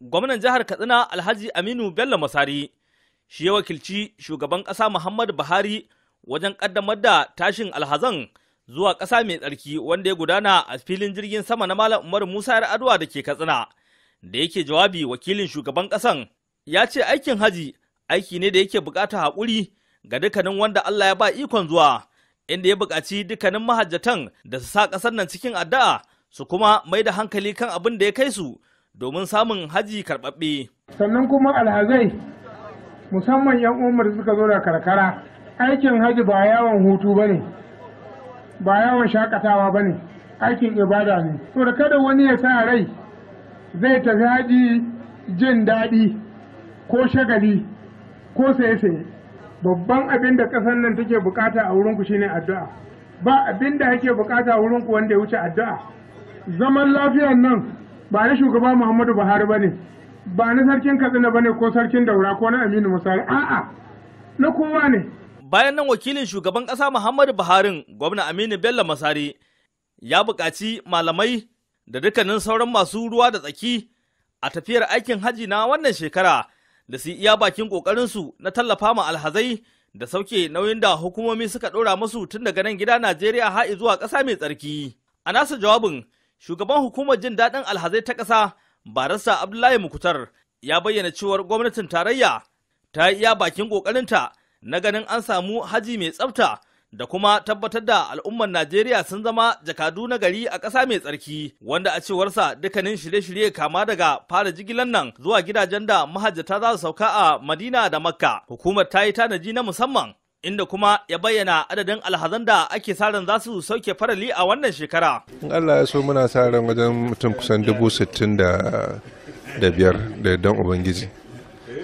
gwamnan jihar katsina alhaji aminu bello masari shi ya wakilci shugaban ƙasa muhammadu buhari wajen ƙaddamar da tashin alhazan zuwa ƙasa mai tsarki wanda ya gudana a filin jirgin sama na malam Umar musa yar adwa da ke katsina da yake jawabi wakilin shugaban ƙasan ya ce aikin haji aiki ne da yake buƙatar haƙuri ga dukkanin wanda allah ya ba ikon zuwa inda ya buƙaci dukkanin mahajjatan da su sa ƙasar nan cikin addu'a su kuma mai da hankali kan abin da ya kai su domin samun haji karɓaɓɓe. sannan kuma alhazai musamman 'yan umar suka zo da karkara aikin haji ba yawon hutu ba ne ba yawon shakatawa ba ne aikin ibada ne to kada wani ya sa rai zai tafi haji jin daɗi ko shagali ko saye-saye babban abin da ƙasar nan take bukata a wurinku shine addu'a ba abin da ake bukata a wurinku wanda ya wuce addu'a zaman lafiyar nan ba na shugaba muhammadu buhari ba ne ba na sarkin katsina ba ne ko sarkin daura ko na aminu misali a'a na kowa ne bayan nan wakilin shugaban ƙasa muhammadu buhari gwamna aminu bello masari ya buƙaci malamai da dukkanin sauran masu ruwa da tsaki a tafiyar aikin haji na wannan shekara da su iya bakin su na tallafa ma alhazai da sauke nauyin da hukumomi suka ɗora musu tun daga nan gida Najeriya har zuwa ƙasa mai tsarki. A nasa jawabin Shugaban hukumar jin daɗin alhazai ta ƙasa, Barasa Abdullahi Mukutar, ya bayyana cewar gwamnatin tarayya ta yi iya bakin ƙoƙarinta na ganin an samu haji mai tsafta da kuma tabbatar da al'ummar Najeriya sun zama jakadu na gari a ƙasa mai tsarki wanda a cewarsa dukkanin shirye-shirye kama daga fara jigilan nan zuwa gidajen da mahajjata za su sauka a Madina da Makka. Hukumar ta yi tanaji na musamman inda kuma ya bayyana adadin alhazan da ake sa ran za su sauke farali a wannan shekara. In Allah ya so muna sa ran wajen mutum kusan dubu sittin da biyar da don Ubangiji.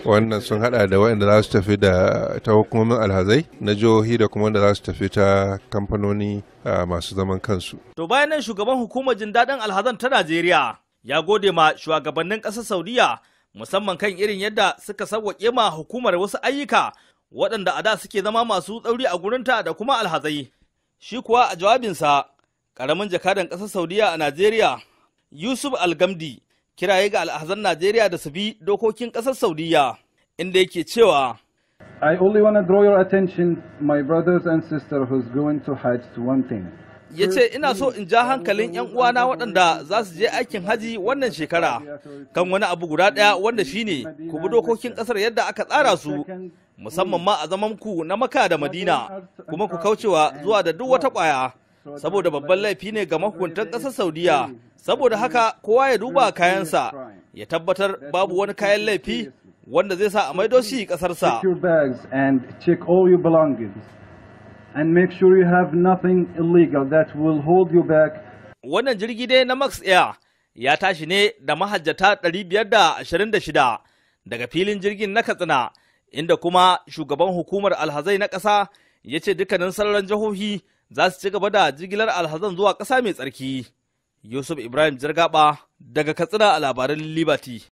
Wannan sun hada da waɗanda za su tafi da ta hukumomin alhazai na jihohi da kuma wanda za su tafi ta kamfanoni masu zaman kansu. To bayan nan shugaban hukumar jin daɗin alhazan ta Najeriya ya gode ma shugabannin ƙasar Saudiya musamman kan irin yadda suka sauwaƙe ma hukumar wasu ayyuka waɗanda a da suke zama masu tsauri a gurinta da kuma alhazai. Shi kuwa a jawabinsa, ƙaramin jakadan ƙasar Saudiya a Najeriya, Yusuf Algamdi, kiraye ga alhazan Najeriya da su bi dokokin ƙasar Saudiya, inda yake cewa. I only want to draw your attention, my brothers and sisters who's going to Hajj, to one thing. ya ce ina so in ja hankalin 'yan uwana waɗanda za su je aikin haji wannan shekara kan wani abu guda ɗaya wanda shine ku bi dokokin ƙasar yadda aka tsara su musamman ma a zaman ku na maka da madina kuma ku kaucewa zuwa da duk wata ƙwaya saboda babban laifi ne ga mahukuntan ƙasar saudiya saboda haka kowa ya duba kayansa ya tabbatar babu wani kayan laifi wanda zai sa a maido shi ƙasarsa and make sure you have nothing illegal that will hold you back. Wannan jirgi dai na Max Air ya tashi ne da mahajjata 526 daga filin jirgin na Katsina, inda kuma shugaban hukumar alhazai na ƙasa ya ce dukkanin sararin jihohi za su ci gaba da jigilar alhazan zuwa ƙasa mai tsarki. Yusuf Ibrahim Jirgaba daga Katsina a labaran Liberty.